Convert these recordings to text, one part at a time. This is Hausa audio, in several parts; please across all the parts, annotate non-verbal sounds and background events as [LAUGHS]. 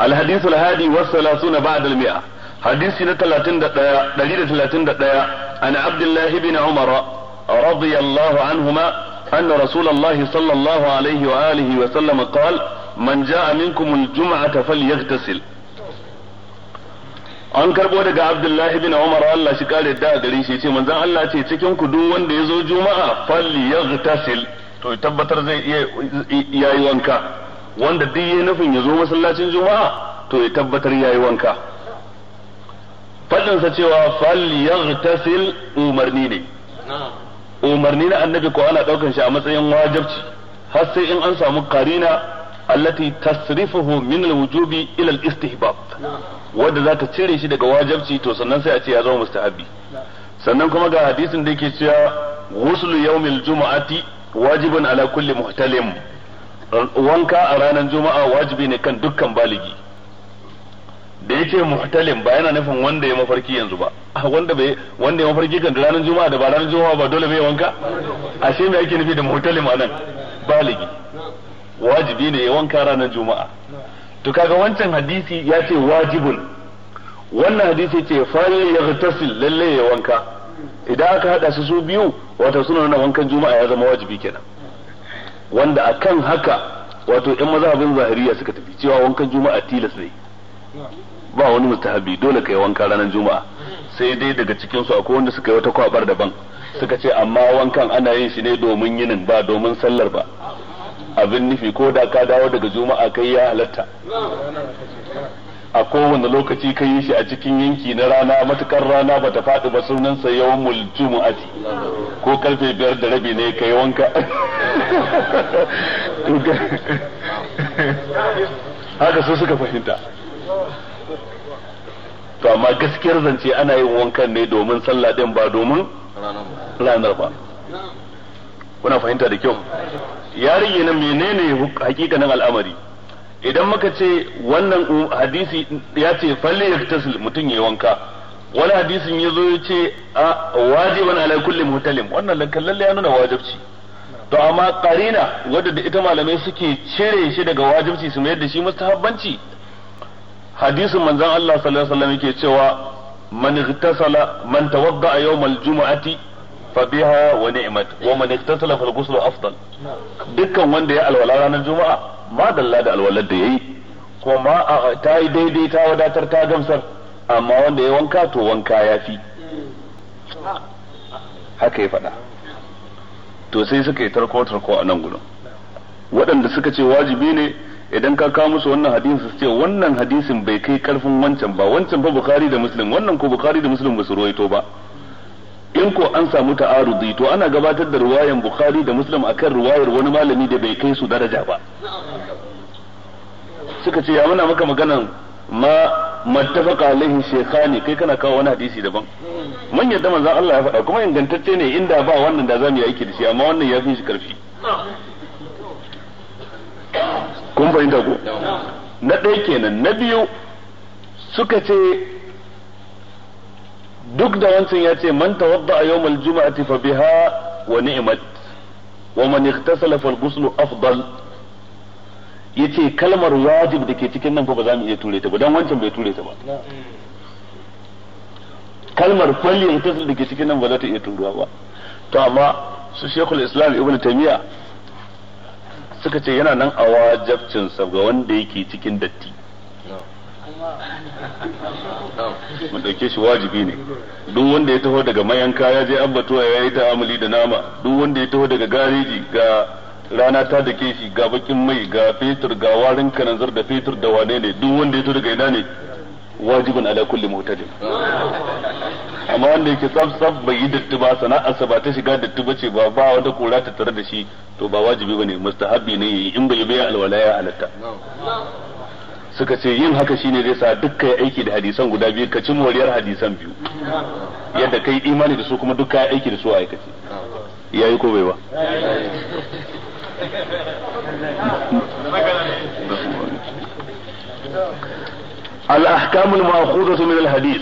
الحديث الهادي والثلاثون بعد المئة حديث نتلاتين دليل تلاتين عن عبد الله بن عمر رضي الله عنهما أن رسول الله صلى الله عليه وآله وسلم قال من جاء منكم الجمعة فليغتسل an karbo daga Abdullahi bin Umar Allah shi kare da gare shi ce manzon Allah ce cikin ku duk wanda ya zo juma'a fal yaghtasil to tabbatar zai iya yayi wanka wanda duk yayi nufin ya zo masallacin juma'a to ya tabbatar yayi wanka fadin sa cewa yaghtasil umarni ne umarni na annabi ko ana daukan shi a matsayin wajibi har sai in an samu karina allati tasrifuhu min alwujubi ila alistihbab wanda zaka cire shi daga wajibci to sannan sai a ce ya zama mustahabi sannan kuma ga hadisin da yake cewa wuslu yawmil jumu'ati wajibun ala kulli muhtalim wanka a ranar juma'a wajibi ne kan dukkan baligi da ya ce muhtalin ba yana nufin wanda ya mafarki yanzu ba ah, wanda bai wanda ya mafarki kan ranar juma'a da ba ranar juma'a ba dole bai wanka ashe me ake nufi da muhtalin nan baligi wajibi ne ya wanka ranar juma'a to kaga wancan hadisi ya ce wajibun wannan hadisi ce ya yaghtasil lalle ya wanka idan aka hada su su biyu wato suna nuna wankan juma'a ya zama wajibi kenan wanda akan haka wato yan mazhabin zahiriya suka tafi cewa wankan juma'a tilas ne ba wani mustahabi dole kai wanka ranar juma'a sai dai daga cikin su akwai wanda suka yi wata kwabar daban suka ce amma wankan ana yin shi ne domin yinin ba domin sallar ba abin nufi ko da ka dawo daga juma'a kai ya halatta a kowane lokaci ka yi shi a cikin yanki na rana matukar rana ba ta faɗi ba sunan sunansa yawan muljumu'ati ko karfe biyar da rabi ne ka yi wanka [LAUGHS] haka su suka fahimta to amma gaskiyar zance ana yin wankan ne domin sallah din ba domin ranar ba kuna fahimta da kyau ya rage na menene hakikanin al'amari idan muka ce wannan hadisi ya ce falle ya mutum ya wanka wani hadisin ya zo ya ce a wajiban alaikullin kulli mutalim wannan lankan lalle ya nuna wajibci to amma karina wadda da ita malamai suke cire shi daga wajibci su mayar da shi mustahabbanci hadisin manzon Allah sallallahu alaihi wasallam yake cewa man ghtasala man tawadda yawm al fa biha wa ni'mat wa man fal ghusl afdal dukkan wanda ya alwala ranar juma'a ma dalla da alwalar da yayi kuma ta yi daidai ta wadatar ta gamsar amma wanda ya wanka to wanka yafi haka ya faɗa to sai suka yi tarko tarko a nan gudun waɗanda suka ce wajibi ne idan ka kawo musu wannan hadisi su ce wannan hadisin bai kai karfin wancan ba wancan fa bukhari da muslim wannan ko bukhari da muslim ba su ruwaito ba in ko an samu ta'arudi to ana gabatar da ruwayan bukhari da muslim akan ruwayar wani malami da bai kai su daraja ba suka ce ya muna maka maganan ma mattafaqa alaihi shaykhani kai kana kawo wani hadisi daban manyan yadda manzon Allah ya faɗa kuma ingantacce ne inda ba wannan da zamu yi aiki da shi amma wannan ya fi shi karfi kun fahimta ko na ɗaya kenan na biyu suka ce duk da wancan ya ce man tawadda a yawmal juma'ati fa biha wa ni'mat wa man ightasala fal ghuslu afdal yace kalmar wajib da ke cikin nan ko ba za mu iya ture ta ba dan wancan bai ture ta ba kalmar kulli ita da ke cikin nan ba za ta iya turuwa ba to amma su shekul islam ibn taymiya suka ce yana nan a wajabcin sa ga wanda yake cikin datti [LAUGHS] mu dauke shi wajibi ne duk wanda ya taho daga mayanka ya je ambatuwa ya yi ta'amuli da nama duk wanda ya taho daga gareji ga rana ta dake shi ga bakin mai ga fetur ga warin kananzar da fetur da wane ne duk wanda ya to daga ina ne wajibin ala kulli mutadin amma wanda yake tsaf tsaf bai yi datti ba sana'arsa ba ta shiga datti ba ce ba ba wata kura ta tare da shi to ba wajibi bane mustahabi ne in bai bai alwala ya halatta suka ce yin haka shine zai sa dukkan aiki da hadisan guda biyu ka cin wariyar hadisan biyu yadda kai imani da su kuma dukkan aiki da su a aikace yayi ko bai ba al-ahkam al-ma'khudatu min al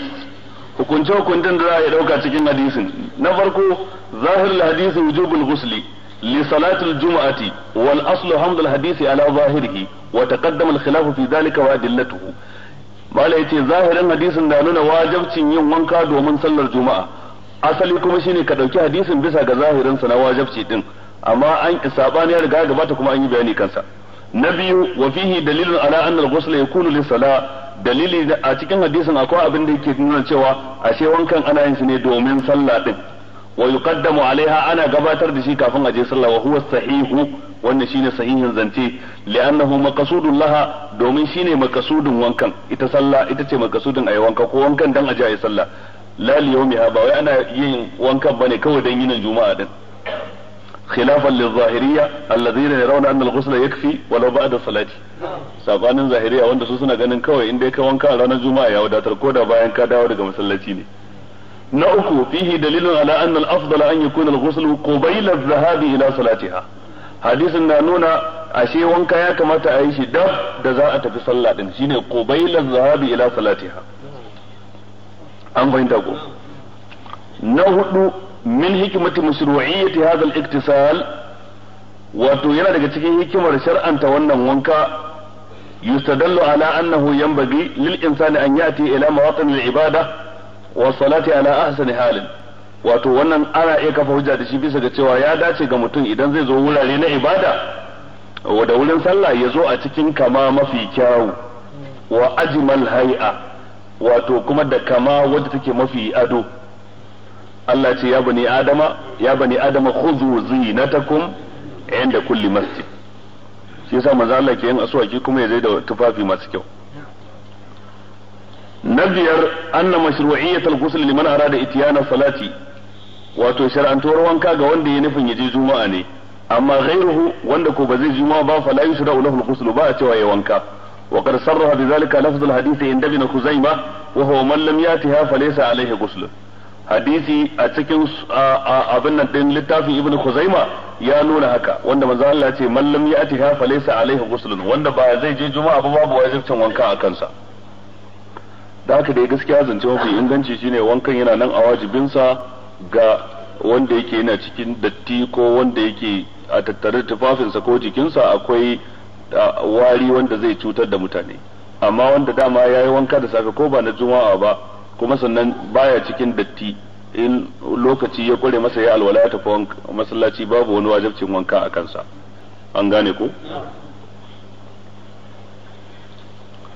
hukunce hukuncen da za a yi dauka cikin hadisin na farko zahir hadisi wujubul ghusli li salatil jumu'ati wal aslu hamd al-hadisi ala zahirihi wa taqaddama al-khilafu fi dhalika wa adillatuhu malai yace zahirin hadisin na nuna wajibcin yin wanka domin sallar juma'a asali kuma shine ka dauki hadisin bisa ga zahirin sa na wajibci din amma an sabani ya riga gabata kuma an yi bayani kansa na biyu wa fihi dalilun ala anna al-ghusl yakunu li sala dalili a cikin hadisin akwai abin da yake nuna cewa ashe wankan ana yin shi ne domin sallah din wa yuqaddamu alaiha ana gabatar da shi kafin a je sallah wa huwa sahihu wannan shine sahihin zance li'annahu maqsudun laha domin shine maqsudun wankan ita sallah ita ce maqsudun ayi wanka ko wankan dan aje ayi sallah la liyawmiha ba wai ana yin wankan bane kawai dan yinin juma'a din khilafan lizahiriya alladhina yarawna anna al-ghusl yakfi walau ba'da salati sabanin zahiriya wanda su suna ganin kawai in dai ka wanka a ranar juma'a ya wadatar ko da bayan ka dawo daga masallaci ne na uku fihi dalilun ala anna al-afdal yakuna al-ghusl qabila adh-dhahabi ila salatiha hadisin na nuna ashe wanka ya kamata a yi shi dab da za a tafi sallah din shine qabila adh-dhahabi ila salatiha an fahimta ko na hudu min hikimati mashru'iyyati hadha al-iktisal wato yana daga cikin hikimar shar'anta wannan wanka yustadallu ala annahu yanbaghi lil insani an yati ila mawatin al-ibada wa salati ala ahsani halin wato wannan ana iya kafa hujja da shi bisa ga cewa ya dace ga mutum idan zai zo wurare na ibada da wurin sallah ya zo a cikin kama mafi kyawu wa ajmal hay'a wato kuma da kama wadda take mafi ado Allah ce ya bani adama ya bani adama khudhu zinatakum inda kulli masjid shi yasa manzo Allah ke yin aswaki kuma ya zai da tufafi masu kyau na biyar anna mashru'iyyatul ghusl liman arada itiyana salati wato shar'antuwar wanka ga wanda ya nufin ya je juma'a ne amma ghairuhu wanda ko ba zai juma'a ba fa la yushra'u lahu al ba a cewa ya wanka وقد صرح بذلك لفظ الحديث عند ابن خزيمة وهو من لم يأتها فليس عليه غسل hadisi a cikin abin nan din littafin ibn khuzaima ya nuna haka wanda manzo Allah ce mallam ya atiha fa laysa alaihi ghuslun wanda ba zai je juma'a ba babu wajibcin wanka a kansa da haka dai gaskiya zance mafi inganci shine wankan yana nan a wajibinsa ga wanda yake yana cikin datti ko wanda yake a tattare tufafinsa ko jikinsa akwai wari wanda zai cutar da mutane amma wanda dama yayi wanka da safe ko ba na juma'a ba kuma sannan baya cikin datti in lokaci ya kware masa ya alwala ta masallaci babu wani wajabcin wanka a kansa an gane ko